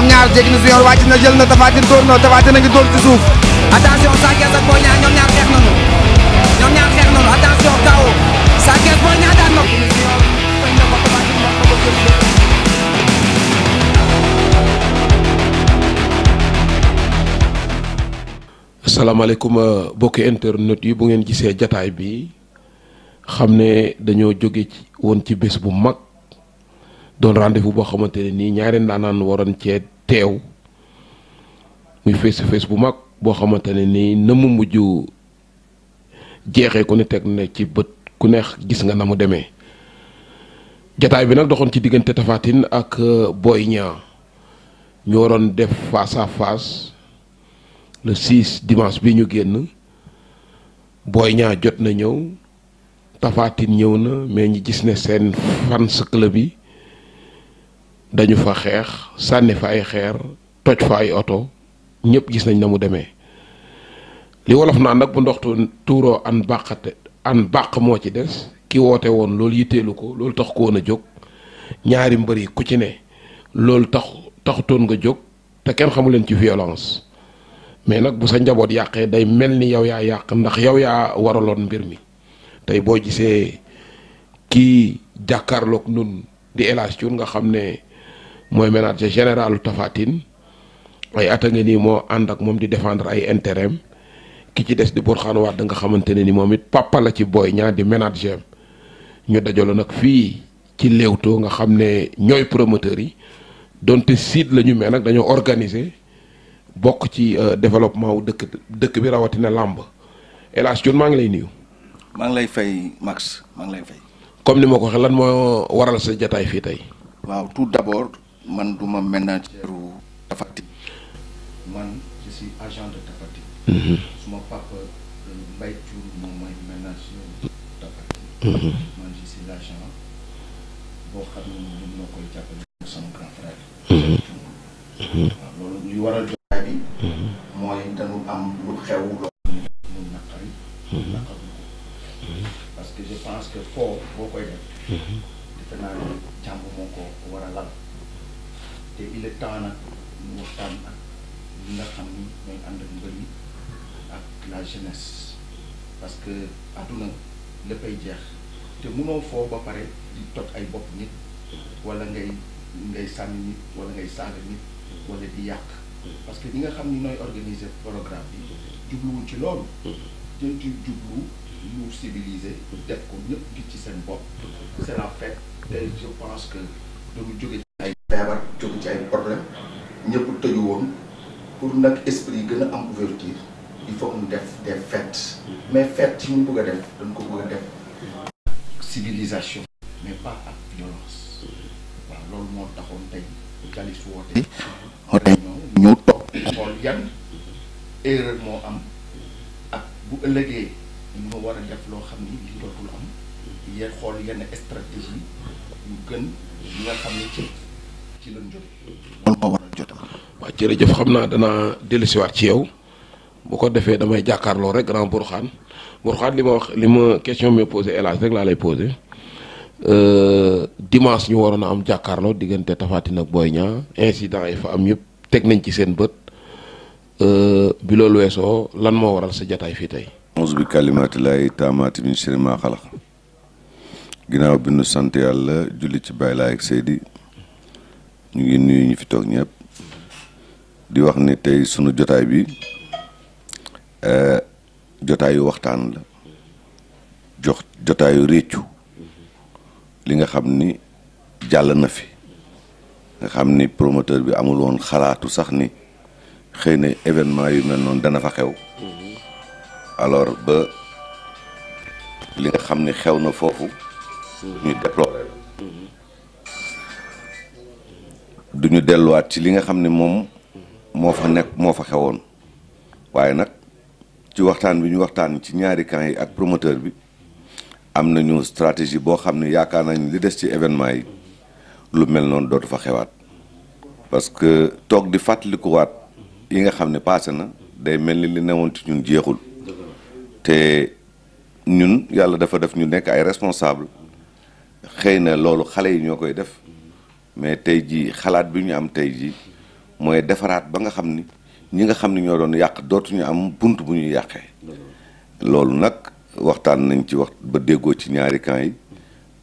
ñoom a euh, bokki internet yi bu ngeen gisee jataay bi xam ne dañoo jóge woon ci bés bu mag doon rendez boo xamante ne nii ñaari ndaanaan waroon cee teew muy face to bu mag boo xamante ne nii na mu mujj jeexee ko ne teg na ci bët ku neex gis nga na mu demee jataay bi nag doxoon ci diggante Tapha ak euh, Boy Niang ñu waroon def face à face le bi ñu génn Boy Niang jot na ñëw Tapha ñëw na mais ñi gis ne seen fans club yi dañu fa xeex sànni fa ay xeer toj fa ay oto ñëpp gis nañ na mu demee li wolof naa nag bu ndoxtu tuuroo an bàq moo ci des ki woote woon loolu yitteelu ko loolu tax ko woon a jóg ñaari mbër yi ku ci ne loolu tax taxutoon nga jóg te kenn xamu leen ci violence mais nag bu sa njaboot yàqee day mel ni yow yaa yàq ndax yow yaa waraloon mbir mi tey boo gisee kii jàkkaarlook nun di El Hadj nga xam ne mooy manager général Tapha Tine ay at a nii moo ànd ak moom di défendre ay intérêt ki ci des di Bourkhane Wade nga xamante ne ni moom it papa la ci booy Niang di manager ñu dajaloo nag fii ci Leewtoo nga xam ne ñooy promoteurs yi donte site la ñu mais nag dañoo organiser bokk ci euh, développement wu dëkk dëkk bi rawatina làmb El Hadj maa ngi lay nuyu. maa ngi lay fay Max maa ngi lay fay. comme ni ma ko waxee lan moo waral sa jataay fii tey. waaw tout d'abord. man du ma ménagèru Tafatine man je si agent de Tafatine. Mm-hmm. suma papa euh, Mbaye Diour moom mooy ménagèru Tafatine. Mm-hmm. man boo xam ne ñun ñoo koy jàppale sama grand frère. waaw mm-hmm. loolu ñuy waral que àdduna léppay jeex te mënoo foo ba pare di toj ay bopp nit wala ngay ngay sànni nit wala ngay saaga nit wala di yàq parce que ñi nga xam ni nooy organiser programme bi jubluwuñ ci loolu jën ci jublu lu civilisé def ko ñëpp di ci seen bopp c'est la te je pense que dañu jóge ci ay feebar jóge ci problème ñëpp tëju woon pour nag esprit gën a am ouverture il faut mu def des fêtes mm-hmm. mais fêtes yi mu bëgg a def dañ ko bëgg def civilisation mais pas ak violence mm-hmm. waaw loolu moo taxoon tey jalis woote mm-hmm. woote ñu toog xool yan erreur moo am ak bu ëllëgee ñu war a def loo xam ni li am yéen xool yenn stratégie yu gën yi nga xam ne ci ci lañ jóge loolu moo war a jotam waaw jërëjëf xam naa danaa dellusiwaat ci yow boo ko defee damay jàkkaarloo rek xaan Bourkhane Bourkhane li ma wax li ma question mi posé hélas rek laa lay posé euh, dimanche ñu waroon a am jàkkaarloo diggante Tapha Tine ak Boy Niang incident yi fa am yëpp teg nañ ci seen bët euh, bi loolu weesoo lan moo waral sa jataay fii tey. auzu bi kalimaati laay taamaati min sharri maa xalaq ginnaaw bi nu sant àll julli ci Baay Laay ak Seydi ñu ngi nuyu ñu fi toog ñëpp di wax ni tey sunu jotaay bi. Euh, jotaayu waxtaan la jox jotaayu réccu li nga xam ni jàll na fi nga xam ni promoteur bi amul woon xalaatu sax ni xëy na événement yu mel noonu dana fa xew alors ba li nga xam ni xew na foofu ñu déploré delluwaat ci li nga xam ni moom moo fa nekk moo fa xewoon waaye nag ci waxtaan bi ñu waxtaan ci ñaari camp yi ak promoteur bi am nañu stratégie boo xam ne yaakaar nañ li des ci événement yi lu mel noonu dootu fa xewaat parce que toog di fàttalikuwaat yi nga xam ne passé na day mel ni li newoon ci ñun jeexul te ñun yàlla dafa def ñu nekk ay responsable xëy na loolu xale yi ñoo koy def mais tey jii xalaat bi ñu am tey jii mooy defaraat ba nga xam ni ñi nga xam ne ñoo doon yàq dootuñu am bunt bu ñuy yàqee loolu nag waxtaan nañ ci wax ba déggoo ci ñaari camp yi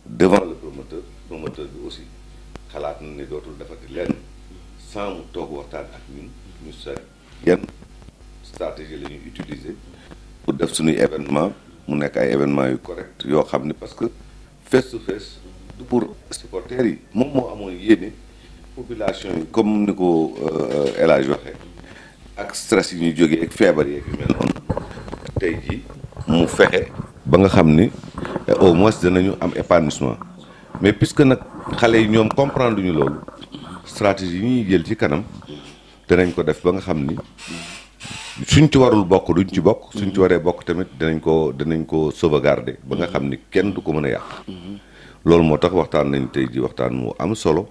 devant le promoteur promoteur bi aussi xalaat na ni dootul defati lenn sans mu toog waxtaan ak ñu seet yan stratégie la ñuy utiliser pour def suñuy événement mu nekk ay événement yu correct yoo xam ne parce que face to face du pour supporters yi moom moo amoon yéene population yi comme ni ko euh, El Hadj waxee ak stress ñu ñuy jógee ak feebar yeeg fi mel noonu tey jii mu fexe ba nga xam ni eh, au moins danañu am épanouissement mais puisque nag xale yi ñoom comprendre ñu loolu stratégie yi ñu jël ci kanam danañ ko def ba nga xam ni suñ ci warul bokk duñ ci bokk. suñ ci waree bokk tamit danañ ko danañ ko sauvegarder ba nga xam ni kenn du ko mën a yàq. loolu moo tax waxtaan nañ tey ji waxtaan mu am solo.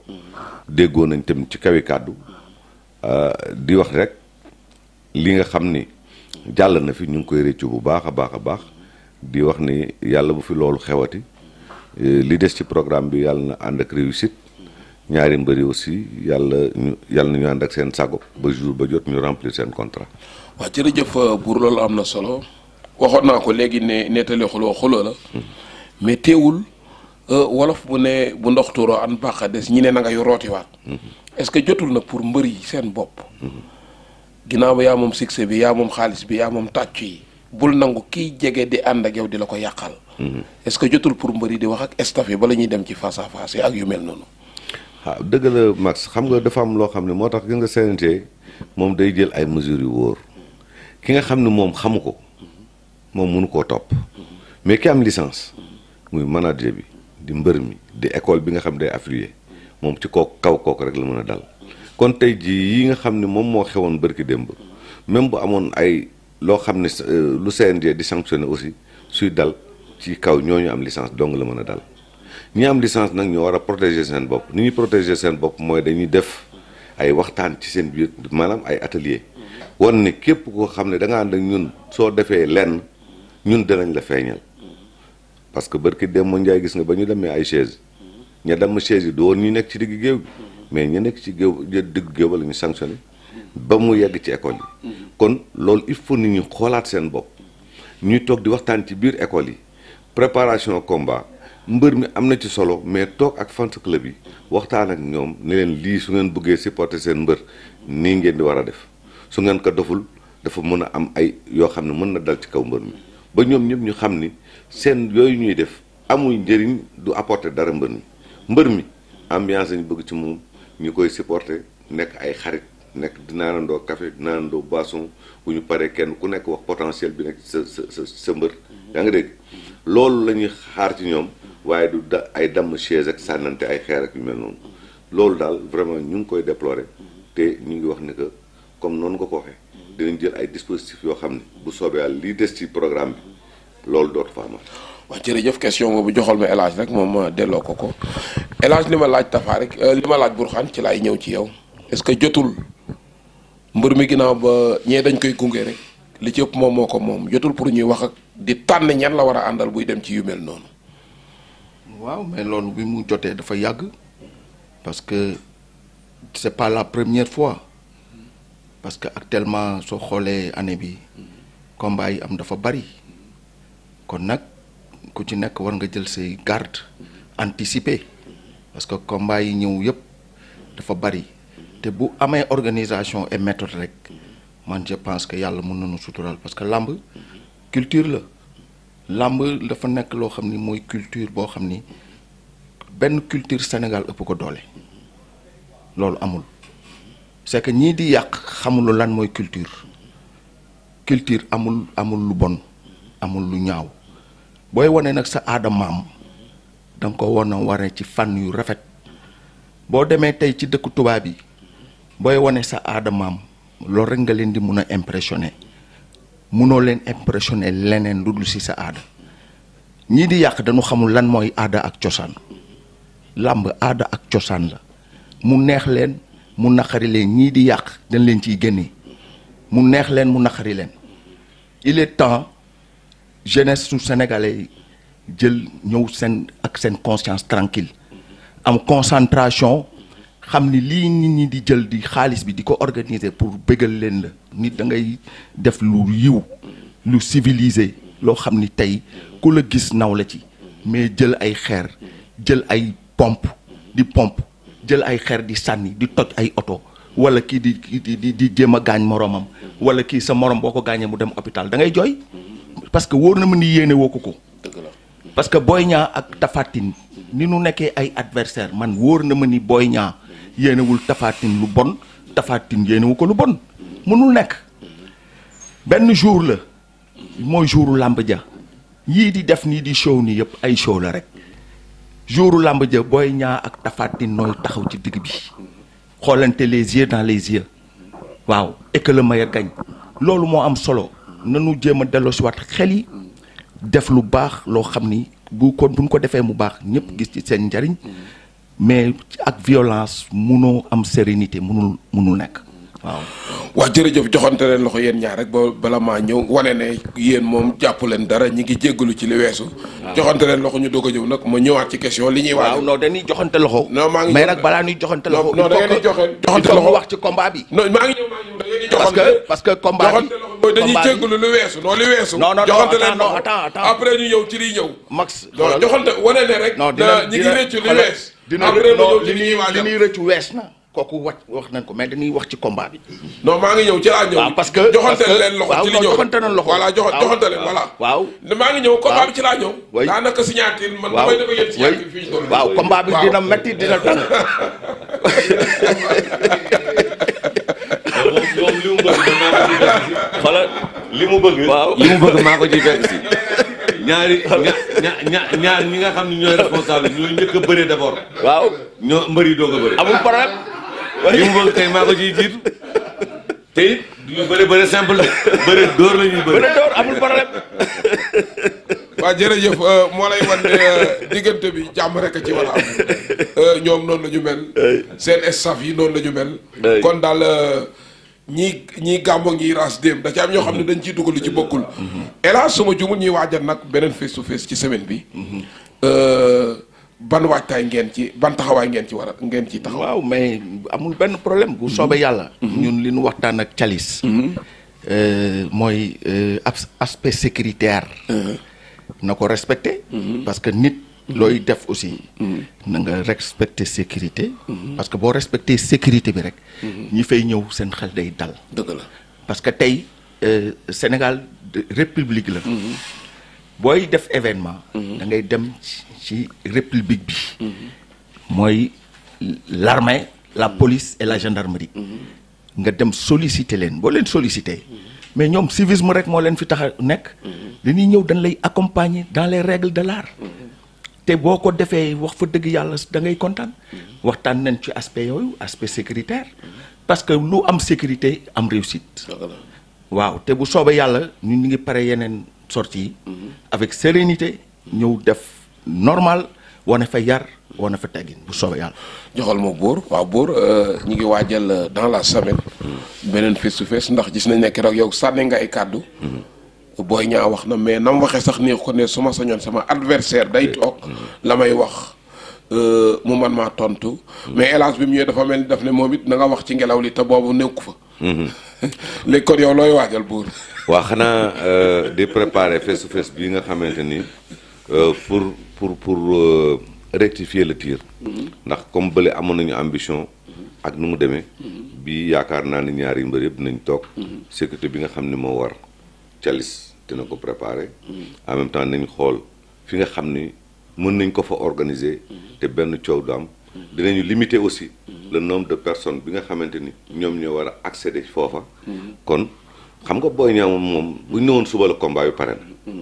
déggoo nañ tamit ci kawi kàddu euh, di wax rek. li nga xam ni jàll na fi ñu ngi koy rëccu bu baax a baax a baax di wax ni yàlla bu fi loolu xewati eh, li des ci programme bi yàlla na ànd ak réussite ñaari mbëri aussi yàlla ñu yàlla ñu ànd ak seen sago ba jour ba jot ñu remplir seen contrat. waaw jërëjëf euh, pour loolu am na solo waxoon naa ko léegi ne nettali xuloo xoloo la mais teewul euh, wolof bu ne bu ndox tuuroo an baax a des ñi ne na nga yu rootiwaat mm-hmm. est-ce que jotul na pour mbër yi seen bopp. Mm-hmm. ginnaaw ba yaa moom succès bi yaa moom xaalis bi yaa moom tàccu yi bul nangu kiy jege di ànd ak yow di la ko yàqal. Hmm. est-ce que jotul pour mbëri di wax ak staff yi bala ñuy dem ci face à face yi ak yu mel noonu. waaw dëgg la Max xam nga dafa am loo xam ne moo tax gis nga CNG moom day jël ay mesures yu wóor ki nga xam ne moom xamu ko moom mënu koo topp mais ki am licence muy manager bi di mbër mi di école bi nga xam day affilié moom ci kooku kaw kooku rek la mën a dal. kon tey jii yi nga xam ne moom moo xewoon bërki démb même bu amoon ay loo xam ne euh, lu CNG di ne aussi suy dal ci kaw ñooñu am licence dong la mën a dal ñi am licence nag ñu war a protéger seen bopp ni ñuy protéger seen bopp mooy dañuy def ay waxtaan ci seen biir maanaam ay atelier wan ne képp koo xam ne da nga ànd ak ñun soo defee lenn ñun danañ la feeñal parce que bërki démb moo njaay gis nga ba ñu demee ay chaise ña dem chaise yi du woon ñu nekk ci digg géew bi mais ñu nekk ci géew dëgg géew la ñu sanctionné ba mu yegg ci école yi kon loolu il faut nit xoolaat seen bopp ñuy toog di waxtaan ci biir école yi préparation combat mbër mi am na ci solo mais toog ak fan club yi waxtaan ak ñoom ne leen lii su ngeen bëggee supporter seen mbër nii ngeen di war a def su ngeen ko doful dafa mun a am ay yoo xam ne mën na dal ci kaw mbër mi ba ñoom ñëpp ñu xam ni seen yooyu ñuy def amul njëriñ du apporter dara mbër mbër mi ambiance bëgg ci moom ñu koy supporter nekk ay xarit nekk dinaanandoo café dinaanandoo boisson bu ñu paree kenn ku nekk wax potentiel bi nekk sa sa sa sa mbër. yaa ngi dégg loolu la ñuy xaar ci ñoom waaye du da ay damm chaise ak sànnante ay xeer ak yu mel noonu loolu daal vraiment ñu ngi koy déplorer te ñu ngi wax ni que comme noonu nga ko waxee. dinañ jël ay dispositifs yoo xam ne bu soobee yàlla lii des ci programme bi loolu dootu ma amaat. waaw jërëjëf question bu joxal ma El Hadj moom ma delloo ko ko elage li ma laaj Tapha rek euh, li ma laaj Bourkhane ci laay ñëw ci yow est-ce que jotul mbër mi ginnaaw ba ñee dañ koy gunge rek li ci ëpp moom moo ko moom jotul pour ñuy wax ak di tànn ñan la war a àndal buy dem ci yu mel noonu. waaw mais loolu bi mu jotee dafa yàgg parce que c'est pas la première fois parce que actuellement soo xoolee année bi combat yi am dafa bari kon nag ku ci nekk war nga jël say garde anticiper. parce que combat yi ñëw yëpp dafa bari te bu amee organisation et méthode rek man je pense que yàlla mën nañu suturaal parce que làmb culture la làmb dafa nekk loo xam ni mooy culture boo xam ni benn culture Sénégal ëpp ko doole loolu amul c'est que ñii di yàq xamulu lan mooy culture culture amul amul lu bon amul lu ñaaw booy wane nag sa aada maam da nga ko war a waree ci fànn yu rafet boo demee tey ci dëkku tubaab yi booy wane sa aadamaam loolu rek nga leen di mun a impressionné munoo leen impressionné leneen lu dul si sa aada ñii di yàq dañu xamul lan mooy aada ak cosaan làmb aada ak cosaan la mu neex leen mu naqari leen ñii di yàq dañ leen ciy génnee mu neex leen mu naqari leen il est temps jeunesse su sénégalais yi jël ñëw seen ak seen conscience tranquille am concentration xam ni lii nit ñi di jël di xaalis bi di ko organiser pour bëggal leen la nit da ngay def lu yiw lu civilisé loo xam ni tey ku la gis naw la ci mais jël ay xeer jël ay pompe di pompe jël ay xeer di sànni di toj ay oto wala kii di di di jëm a gaañ moroomam wala kii sa morom boo ko gaañee mu dem hôpital da ngay jooy parce que wóor na ma ni yéene woo ko ko. parce que booy Niang ak Tapha ni nu nekkee ay adversaire man wóor na ma ni booy ñaa yéenewul tafaatin lu bon tafaatin Tine yéenewu ko lu bon mënul nekk benn jour la mooy jouru làmb ja yii di def nii di show nii yëpp ay show la rek jouru làmb ja Boy Niang ak tafaatin Tine nooy taxaw ci digg bi xoolante les yeux dans les yeux waaw et que le meilleur loolu moo am solo nanu jéem a delloosiwaat xel yi def lu baax loo xam ni bu kon buñ ko defee mu baax ñëpp gis ci seen njariñ mm. mais ak violence munoo am sérénité munul munul nekk waaw waaw jërëjëf joxante leen loxo yéen ñaar rek ba bala maa ñëw wane ne yéen moom jàpp leen dara ñi ngi jéggalu ci li weesu joxante leen loxo ñu doog a ñëw nag ma ñëwaat ci question li ñuy wax waaw non dañuy joxante loxo balaa ñuy joxante loxo non parce que combat bi mooy dañuy jéggalu lu weesu non weesu joxante leen loxo après ñu ñëw ci liy ñëw max joxante wane ne rek ñi ngi rëccu li wees dina li ñuy rëccu wees na kooku wàcc wax nañ ko mais dañuy wax ci combat bi. non maa ngi ñëw ci laa ñëw. waaw parce que joxante leen loxo ci li ñëw joxante waaw maa ngi ñëw combat bi ci laa ñëw. oui daanaka signature man damay def yéen signature fii ñu waaw combat bi dina métti dina tàng. moom li mu bëgg xoolal li maa ko ci fekk si. ñaari ñaar ñaar ñi nga xam ne ñooy responsable ñooy njëkk a bëree d'abord. waaw ñoo mbëri doog a bëri. amul problème. li mu bëgg tey maa ko ciy jiitu te it ñu bëri bëri simple bëri dóor la ñuy bëri. bëri dóor amul problème. waaw jërëjëf euh, moo lay wan ne euh, diggante bi jàmm rek ci war am euh, ñoom noonu la ñu mel. seen staff yi noonu la ñu mel. kon daal ñii ñii gàmmo ngi ras déem da ci am ñoo xam ne mm-hmm. dañ ciy dugal lu ci bokkul. Mm-hmm. hélas suma jumul ñuy waajal nag beneen face to face ci semaine bi. Mm-hmm. ban waajtaay ngeen ci ban taxawaay ngeen ci war ngeen ci taxaw. waaw mais amul benn problème bu soobee yàlla. Mm-hmm. Mm-hmm. ñun li ñu waxtaan ak calis. Mm-hmm. Euh, mooy euh, aspect sécuritaire. Uh-huh. na ko respecté. parce que nit. looy def aussi. na nga respecté sécurité. parce que boo respecté sécurité bi rek. ñi fay ñëw seen xel day dal. dëgg parce que tey euh, Sénégal république la. booy def événement. Mhm. da ngay dem ci république bi. Mhm. mooy l'armée la mhm. police et la gendarmerie. nga dem solliciter leen boo leen solliciter. mais ñoom civisme rek moo leen fi tax a nekk. dañuy ñëw dañ lay accompagner dans les règles de l'art. te boo ko defee wax fa dëgg yàlla da ngay kontaan. waxtaan nañ ci aspect yooyu aspect sécuritaire. parce que lu am sécurité am réussite. waaw te bu soobee yàlla ñun ñu ngi pare yeneen. sorti yi avec sérénité ñëw def normal wane fa yar wane fa teggin bu soobee yàlla joxal ma Bour waaw Bour euh, ñu ngi waajal euh, dans la semaine beneen face to face ndax gis nañ ne keroog yow sànni nga ay kàddu booy ñaa wax na mais nam waxee sax nii ko ne ma sañoon sama adversaire day toog la may wax euh, mu man maa tontu. mais hélas bi mu ñëwee dafa mel ni daf ne moom it nanga wax ci ngelaw li te boobu nekku fa mm-hmm. léegi kon yow looy waajal Bour waa xanaa euh, di préparer face to face bi nga xamante ni euh, pour pour pour euh, rectifier le tir. ndax comme bële amoon nañu ambition. ak nu mu demee. bi yaakaar naa ne ñaari mbër yëpp nañ toog. sécurité bi nga xam ne moo war calis dina ko préparer. en même temps nañ xool fi nga xam ni mën nañ ko fa organiser. te benn coow doom am. dinañu limiter aussi. le nombre de personne bi nga xamante ni ñoom ñoo war a accéder foofa. kon. xam nga Boy Niang moom bu ñu ne woon suba la combat bi pare na.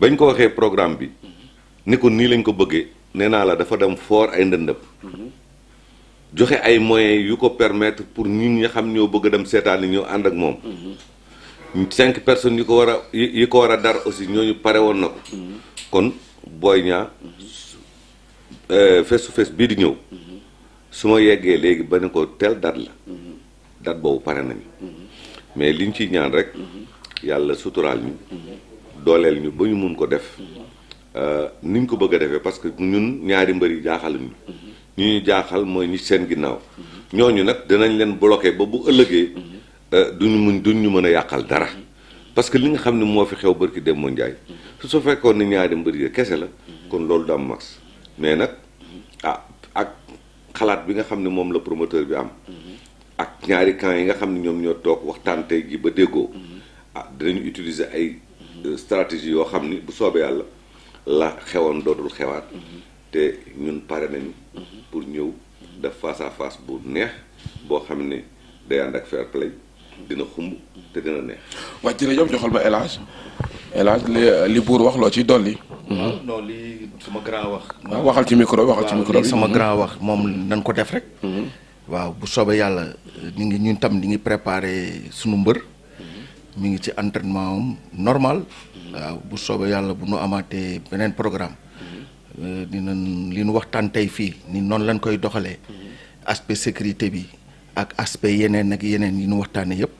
bañ ko waxee programme bi. ni ko nii lañ ko bëggee nee naa la dafa dem foor ay ndëndëm. joxe ay moyens yu ko permettre pour ñi nga xam ñoo bëgg dem seetaan ñoo ànd ak moom. cinq personnes yi ko war a yi ko war a dar aussi ñooñu pare woon na ko. kon Boy Niang euh, face to face bii di ñëw. su ma yeggee léegi ba ne ko tel date la. date boobu pare nañu. mais liñ ciy ñaan rek yàlla suturaal ñu dooleel ñu ba ñu mun ko def euh, niñ ko bëgg a defee parce que ñun ñaari mbër yi jaaxaluñu ñu ñu jaaxal mooy ñu seen ginnaaw ñooñu nag dinañ leen bloqué ba bu ëllëgee euh, duñu mu duñ ñu mën a yàqal dara parce que li nga xam ne moo fi xew barki dem moo njaay su fekkoon ne ñaari mbër yi kese la kon loolu du am max mais nag ah ak xalaat bi nga xam ne moom la promoteur bi am ak ñaari camp yi nga xam ne ñoom ñoo toog waxtaante tey jii ba déggoo mm-hmm. ah dinañu utiliser ay mm-hmm. euh, stratégie yoo xam ni bu soobee yàlla la xewoon dootul xewaat mm-hmm. te ñun pare nañu pour ñëw def face à face bu neex boo xam ne day ànd ak fair play dina xumb te dina neex waa jërëjëf joxal ba élage élage li li buur wax loo ciy dolli non li sama grand wax waxal ci micro waxal ci micro sama grand wax moom nañ ko def rek waaw bu soobee yàlla ñu ngi ñun tam di ngi préparer suñu mbër. mu mhm. ngi ci entraînement am normal. Mhm. waaw bu soobee yàlla bu nu amaatee beneen programme. Mhm. Euh, dinañ li nu waxtaan tey fii ni noonu lañ koy doxalee. aspect sécurité bi ak aspect yeneen ak yeneen yi nu waxtaanee yëpp.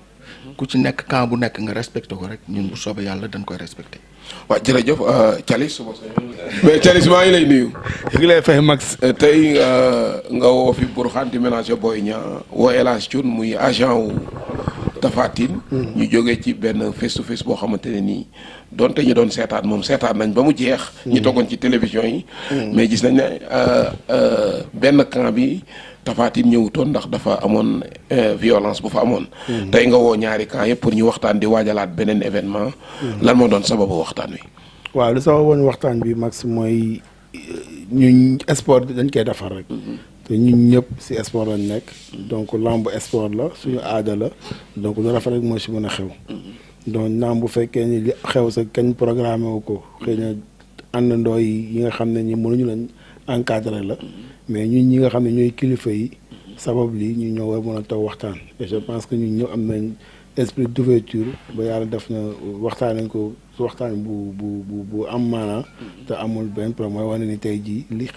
ku ci nekk camp bu nekk nga respecté ko rek ñun bu soobee yàlla dañ koy respecté. waa jërëjëf euh, Thialis suba mais Thialis maa ngi lay nuyu. ngi lay fay Max. Euh, tey euh, nga woo fi Bourkhane di ménager booy Niang woo El Hadj muy agent wu Tapha Tine. Mm-hmm. ñu jógee ci benn face to face boo xamante ne nii donte ñu doon seetaan moom seetaan nañ ba mu jeex. ñi mm-hmm. toggoon ci télévision yi. Mm-hmm. mais gis nañ ne benn camp bi. tafaatin ñëwutoon ndax dafa amoon euh, violence bu fa amoon. Mm-hmm. tey nga woo ñaari kaa yëpp pour ñu waxtaan di waajalaat beneen événement. Mm-hmm. lan moo doon sababu waxtaan wi. waaw lu sababoon waxtaan bi max mooy euh, ñu sport dañ koy defar rek. Mm-hmm. te ñun ñëpp si sport lañ nekk. donc lamb sport la suñu aada la donc lu rafet rek mooy si mën a xew. donc naam bu fekkee ni xew sa kañ programme wu ko xëy na àndandoo yi nga xam ne ñi mënuñu lañ. encadré la mais ñu ñi nga xam ne ñooy kilifa yi sabab lii ñu ñëw war mën a toog waxtaan et je pense que ñu ñëw am nañ esprit d'ouverture ba yàlla def na waxtaan nañ ko waxtaan bu bu bu bu am maanaa te amul benn problème mooy wane ni tey jii li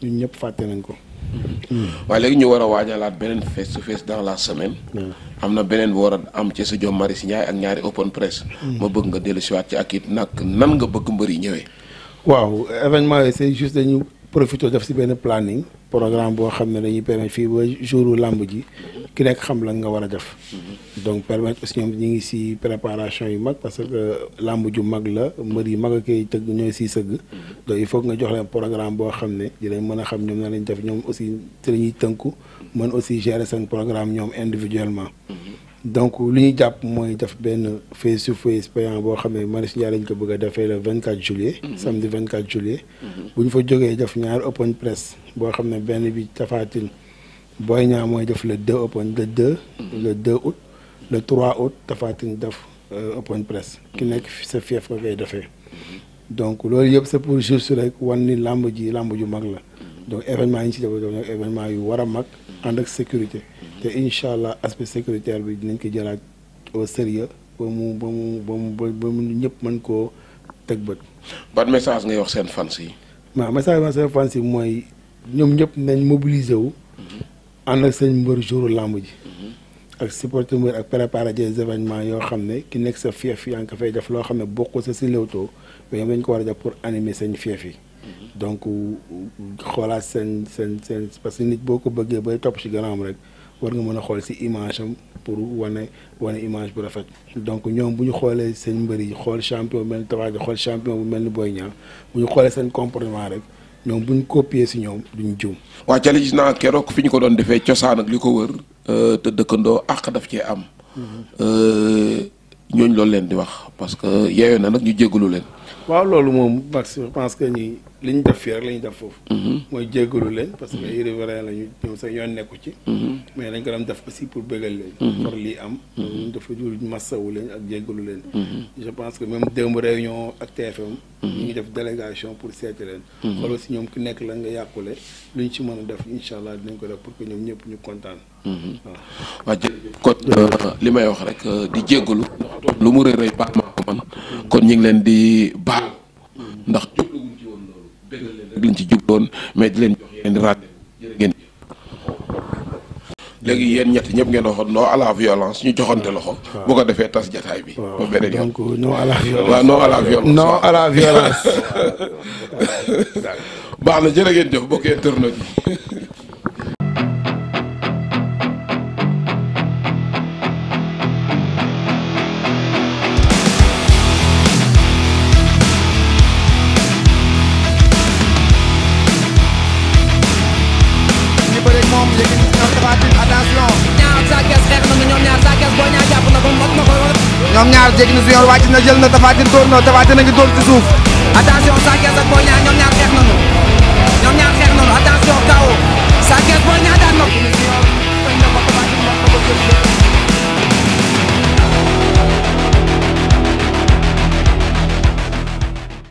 ñun ñëpp fàtte nañ ko mm-hmm. waaye léegi ñu war a waajalaat beneen face to face la semaine am na beneen bu war a am ci studio si ñaay ak ñaari open press mm-hmm. ma bëgg nga dellu siwaat ci ak it nag nan nga bëgg mbër yi ñëwee waaw événement yi c'est juste dañu profité def si benn planning programme boo xam ne dañuy permettre fii ba jouru làmb ji ki nekk xam lan nga war a def donc permettre aussi ñoom ñu ngi si préparation yu mag parce que euh, làmb ju mag la mbër yi mag a koy tëgg ñooy si sëgg donc il faut nga jox leen programme boo xam ne dinañ mën a xam ñoom na lañ def ñoom aussi te la ñuy tënku mën aussi gérer seen programme ñoom individuellement donc lu ñu jàpp mooy def benn face to face payant boo xam ne Maristes Ndiaye lañ ko bëgg a defee le 24 juillet. Mhm. samedi 24 juillet. Mhm. bu ñu fa jógee def ñaari open press boo xam ne benn bi tafaatin Tine Boy Niang mooy def le 2 open le 2. Mhm. le 2 août le 3 août Tapha def euh, open press. ki nekk sa fief nga koy defee. donc loolu yëpp c'est pour juste rek wan ni làmb ji làmb ju mag la. donc événement yi ñu si def doon événement yu war a mag. ànd ak sécurité te incha allah aspect sécuritaire bi dinañ ko jëlaat au sérieux ba mu ba mu ba mu ba mu ñëpp man koo teg bët. ban message ngay wax seen fans yi. waaw message bi seen mooy ñoom ñëpp nañ mobiliser wu. Mhm. ànd ak seen mbër jouru làmb ji. Mhm. ak supporter mbër ak préparer des événements yoo xam ne ki nekk sa fief yaa ngi ko fay def loo xam ne bokkul sa si Leewtoo mais ñoom dañ ko war a def pour animer seen fief yi. Mm-hmm. donc xoolaat seen seen seen parce que nit boo ko bëggee bay topp ci gannaawam rek war nga mën a xool ci image am pour wane wane image bu rafet. donc ñoom bu ñu xoolee seen mbër yi xool champion bu mel ni Tapha Tine xool champion bu mel ni Boy Niang bu ñu xoolee seen comportement rek ñoom bu ñu copier ci ñoom duñ juum. waa ca gis naa keroog fi ñu ko doon defee cosaan ak li ko wër euh, te dëkkandoo àq daf cee am. Mm-hmm. Euh, ñooñ loolu leen di wax parce que yeewee na nag ñu jégalu leen. waaw loolu moom Max je pense que ñi li ñu def fii rek la ñu def foofu. Mhm. mooy jéggalu leen parce que ay riverains la ñu ñoom sax yoon nekku ci. Mhm. mais dañ ko doon def aussi pour bégal leen. Mhm. far lii am. ñun dafa jur massawu leen ak jéggalu leen. je pense que même démb réunion ak TFM. ñu ngi def délégation pour seeti leen. xool aussi ñoom ki nekk la nga yàqule lu ñu ci mën a def incha allah dinañ ko def pour que ñoom ñëpp ñu kontaan. waaw jërëjëf kon euh, li may wax rek euh, di jéggalu. lu mu rëy rëy baax maa ko man kon ñu leen di baal ndax. bégal leen rek lañ ci jubloon mais di leen jox yeneen raad jërë ngeen léegi yéen ñett ñëpp ngeen waxoon non à la violence ñu joxante loxo. bu ko defee tas jataay bi. ba beneen yoon donc non à la violence. waaw non à la violence non à la baax na jërë ngeen jëf bokk internet yi. Fass jéggi na su yoon wàcc na jël na Tapha Tine dóor na a ngi dóor ci suuf attention Sa Thiès ak Boy Niang ñoom ñaar xeex nañu ñoom ñaar xeex nañu attention kaw Sa Thiès Boy Niang